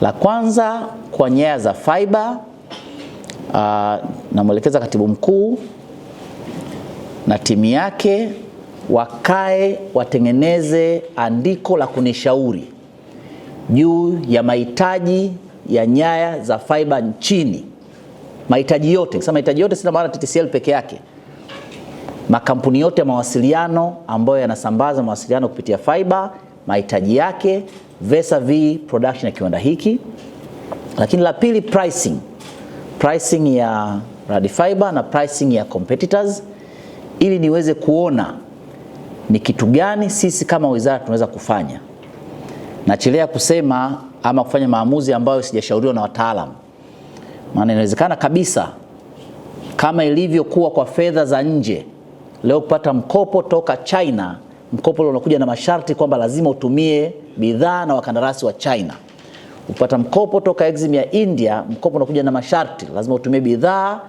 La kwanza kwa nyaya za fiber uh, namwelekeza katibu mkuu na timu yake wakae watengeneze andiko la kunishauri juu ya mahitaji ya nyaya za fiber nchini, mahitaji yote. Sasa mahitaji yote sina maana TTCL peke yake, makampuni yote ya mawasiliano ambayo yanasambaza mawasiliano kupitia fiber mahitaji yake Vesa V production ya kiwanda hiki, lakini la pili pricing, pricing ya Fiber na pricing ya competitors, ili niweze kuona ni kitu gani sisi kama wizara tunaweza kufanya. Nachelea kusema ama kufanya maamuzi ambayo sijashauriwa na wataalamu, maana inawezekana kabisa kama ilivyokuwa kwa fedha za nje leo kupata mkopo toka China mkopo unakuja na masharti kwamba lazima utumie bidhaa na wakandarasi wa China. Upata mkopo toka Exim ya India, mkopo unakuja na masharti, lazima utumie bidhaa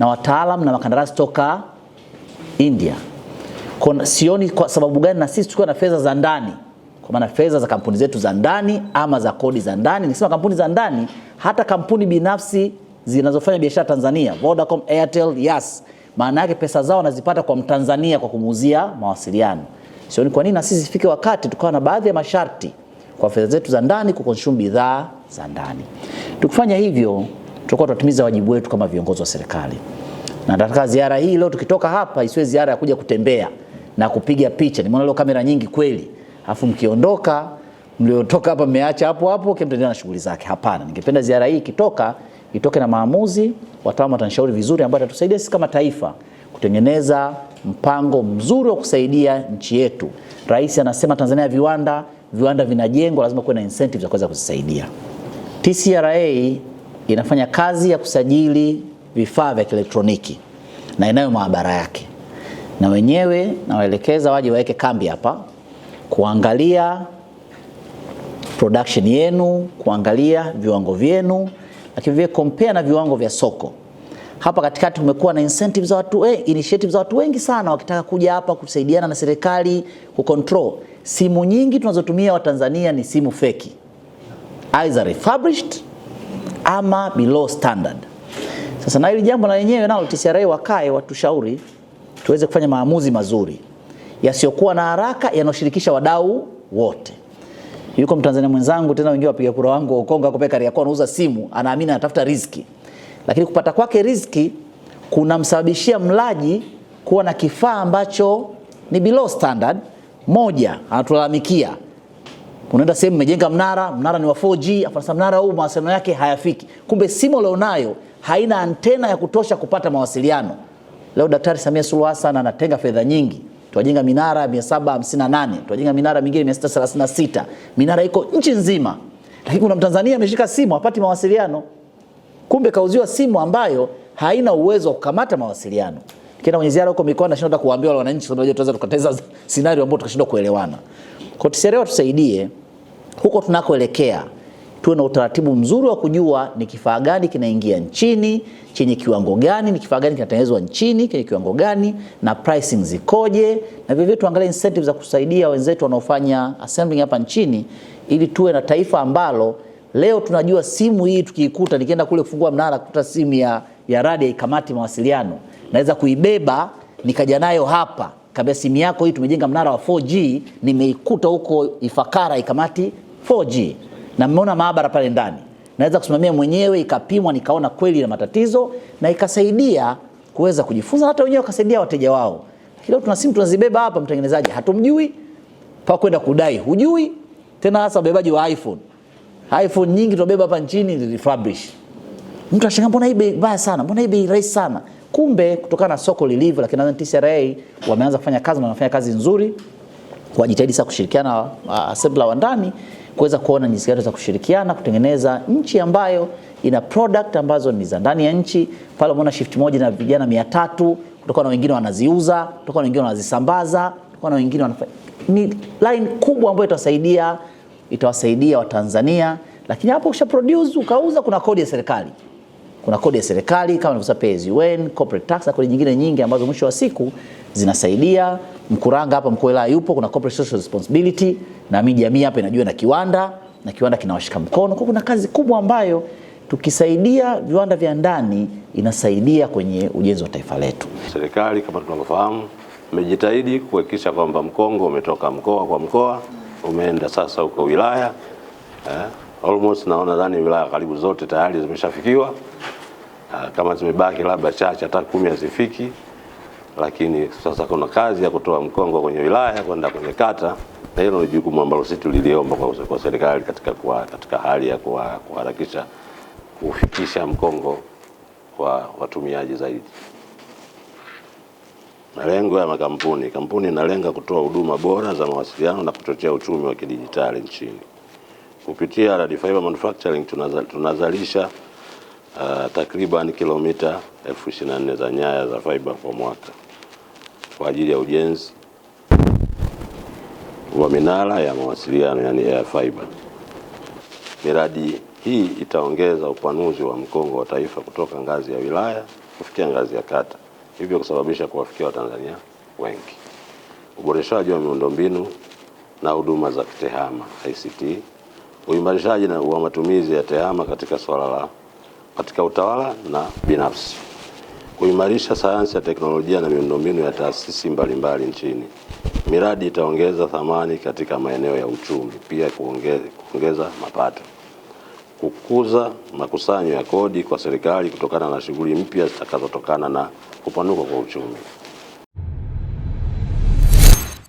na wataalamu na wakandarasi toka India. Kwa sioni kwa sababu gani na sisi tukiwa na fedha za ndani, kwa maana fedha za kampuni zetu za ndani ama za kodi za ndani. Nikisema kampuni za ndani, hata kampuni binafsi zinazofanya biashara Tanzania, Vodacom, Airtel, yes, maana yake pesa zao wanazipata kwa Mtanzania kwa kumuuzia mawasiliano sio ni kwa nini na sisi ifike wakati tukawa na baadhi ya masharti kwa fedha zetu za ndani kukonsume bidhaa za ndani. Tukifanya hivyo, tutakuwa tunatimiza wajibu wetu kama viongozi wa serikali. Na nataka ziara hii leo tukitoka hapa isiwe ziara ya kuja kutembea na kupiga picha. Nimeona leo kamera nyingi kweli. Afu mkiondoka mliotoka hapa mmeacha hapo hapo kila mtu na shughuli zake. Hapana, ningependa ziara hii ikitoka itoke na maamuzi, wataalamu watanishauri vizuri ambayo atatusaidia sisi kama taifa kutengeneza mpango mzuri wa kusaidia nchi yetu. Rais anasema Tanzania ya viwanda, viwanda vinajengwa, lazima kuwe na incentive za kuweza kuzisaidia. TCRA inafanya kazi ya kusajili vifaa vya kielektroniki na inayo maabara yake, na wenyewe nawaelekeza waje waweke kambi hapa kuangalia production yenu, kuangalia viwango vyenu, lakini vile compare na viwango vya soko hapa katikati kumekuwa na incentives za watu eh, initiatives za watu wengi sana wakitaka kuja hapa kusaidiana na serikali kucontrol. Simu nyingi tunazotumia Watanzania ni simu feki, either refurbished ama below standard. Sasa na hili jambo na lenyewe nalo TCRA wakae watushauri, tuweze kufanya maamuzi mazuri yasiyokuwa na haraka, yanayoshirikisha wadau wote. Yuko mtanzania mwenzangu tena, wengine wapiga kura wangu wa Ukonga hapo Kariakoo anauza simu, anaamini anatafuta riziki. Lakini kupata kwake riziki kunamsababishia mlaji kuwa na kifaa ambacho ni below standard. Moja, anatulalamikia unaenda sehemu umejenga mnara, mnara ni wa 4G, afasa mnara huu mawasiliano yake hayafiki. Kumbe simu ulionayo haina antena ya kutosha kupata mawasiliano. Leo Daktari Samia Suluhu Hassan anatenga fedha nyingi, tuwajenga minara 758, tuwajenga minara mingine 636, minara iko nchi nzima, lakini kuna Mtanzania ameshika simu hapati mawasiliano kumbe kauziwa simu ambayo haina uwezo wa kukamata mawasiliano. Kina mwenye ziara huko mikoa, nashindwa hata kuwaambia wale wananchi, sababu tunaweza tukateza scenario ambayo tukashindwa kuelewana. Kwa TCRA tusaidie huko tunakoelekea, tuwe na utaratibu mzuri wa kujua ni kifaa gani kinaingia nchini chenye kiwango gani, ni kifaa gani kinatengenezwa nchini chenye kiwango gani, na pricing zikoje, na vivyo tuangalie incentives za kusaidia wenzetu wanaofanya assembling hapa nchini, ili tuwe na taifa ambalo Leo tunajua simu hii tukiikuta, nikienda kule kufungua mnara kukuta simu ya, ya radi ya ikamati mawasiliano, naweza kuibeba nikaja nayo hapa kabla simu yako hii, tumejenga mnara wa 4G, nimeikuta huko Ifakara ikamati 4G na mmeona maabara pale ndani, naweza kusimamia mwenyewe, ikapimwa nikaona kweli na matatizo na ikasaidia kuweza kujifunza, hata wenyewe wakasaidia wateja wao. Leo tuna simu tunazibeba hapa, mtengenezaji hatumjui, pa kwenda kudai hujui tena, hasa ubebaji wa iPhone iPhone nyingi tunabeba hapa nchini ni refurbish. Mtu anashangaa mbona hii bei mbaya sana? Mbona hii bei rahisi sana? Kumbe kutokana na soko lilivyo, lakini nadhani TCRA wameanza kufanya kazi na wanafanya kazi nzuri. Wajitahidi sana kushirikiana uh, assembler wa ndani kuweza kuona jinsi gani za kushirikiana kutengeneza nchi ambayo ina product ambazo ni za ndani ya nchi. Pale umeona shift moja na vijana 300 kutoka na wengine wanaziuza, kutoka na wengine wanazisambaza, kutoka na wengine wanafanya. Ni line kubwa ambayo itasaidia itawasaidia Watanzania, lakini hapo usha produce ukauza, kuna kodi ya serikali, kuna kodi ya serikali kama nilivyosema, pay as you earn, corporate tax na kodi nyingine nyingi ambazo mwisho wa siku zinasaidia. Mkuranga hapa mkuu wilaya yupo, kuna corporate social responsibility, na mimi jamii hapa inajua na kiwanda na kiwanda kinawashika mkono. Kwa kuna kazi kubwa ambayo tukisaidia viwanda vya ndani inasaidia kwenye ujenzi wa taifa letu. Serikali kama tunavyofahamu, imejitahidi kuhakikisha kwamba mkongo umetoka mkoa kwa mkoa umeenda sasa huko wilaya eh, almost naona dhani wilaya karibu zote tayari zimeshafikiwa eh, kama zimebaki labda chache hata kumi hazifiki, lakini sasa kuna kazi ya kutoa mkongo kwenye wilaya kwenda kwenye kata, na hilo ni jukumu ambalo sisi tuliliomba kwa, kwa serikali katika, kwa, katika hali ya kuharakisha kufikisha mkongo kwa watumiaji zaidi. Malengo ya makampuni. Kampuni inalenga kutoa huduma bora za mawasiliano na kuchochea uchumi wa kidijitali nchini. Kupitia Radi Fiber Manufacturing tunazalisha uh, takriban kilomita 24 za nyaya za fiber kwa mwaka kwa ajili ya ujenzi wa minara ya mawasiliano yani air fiber. Miradi hii itaongeza upanuzi wa mkongo wa taifa kutoka ngazi ya wilaya kufikia ngazi ya kata hivyo kusababisha kuwafikia Watanzania wengi. Uboreshaji wa miundombinu na huduma za kitehama ICT, uimarishaji wa matumizi ya TEHAMA katika swala la katika utawala na binafsi, kuimarisha sayansi ya teknolojia na miundombinu ya taasisi mbalimbali nchini. Miradi itaongeza thamani katika maeneo ya uchumi, pia kuongeza, kuongeza mapato kukuza makusanyo ya kodi kwa serikali kutokana na shughuli mpya zitakazotokana na kupanuka kwa uchumi.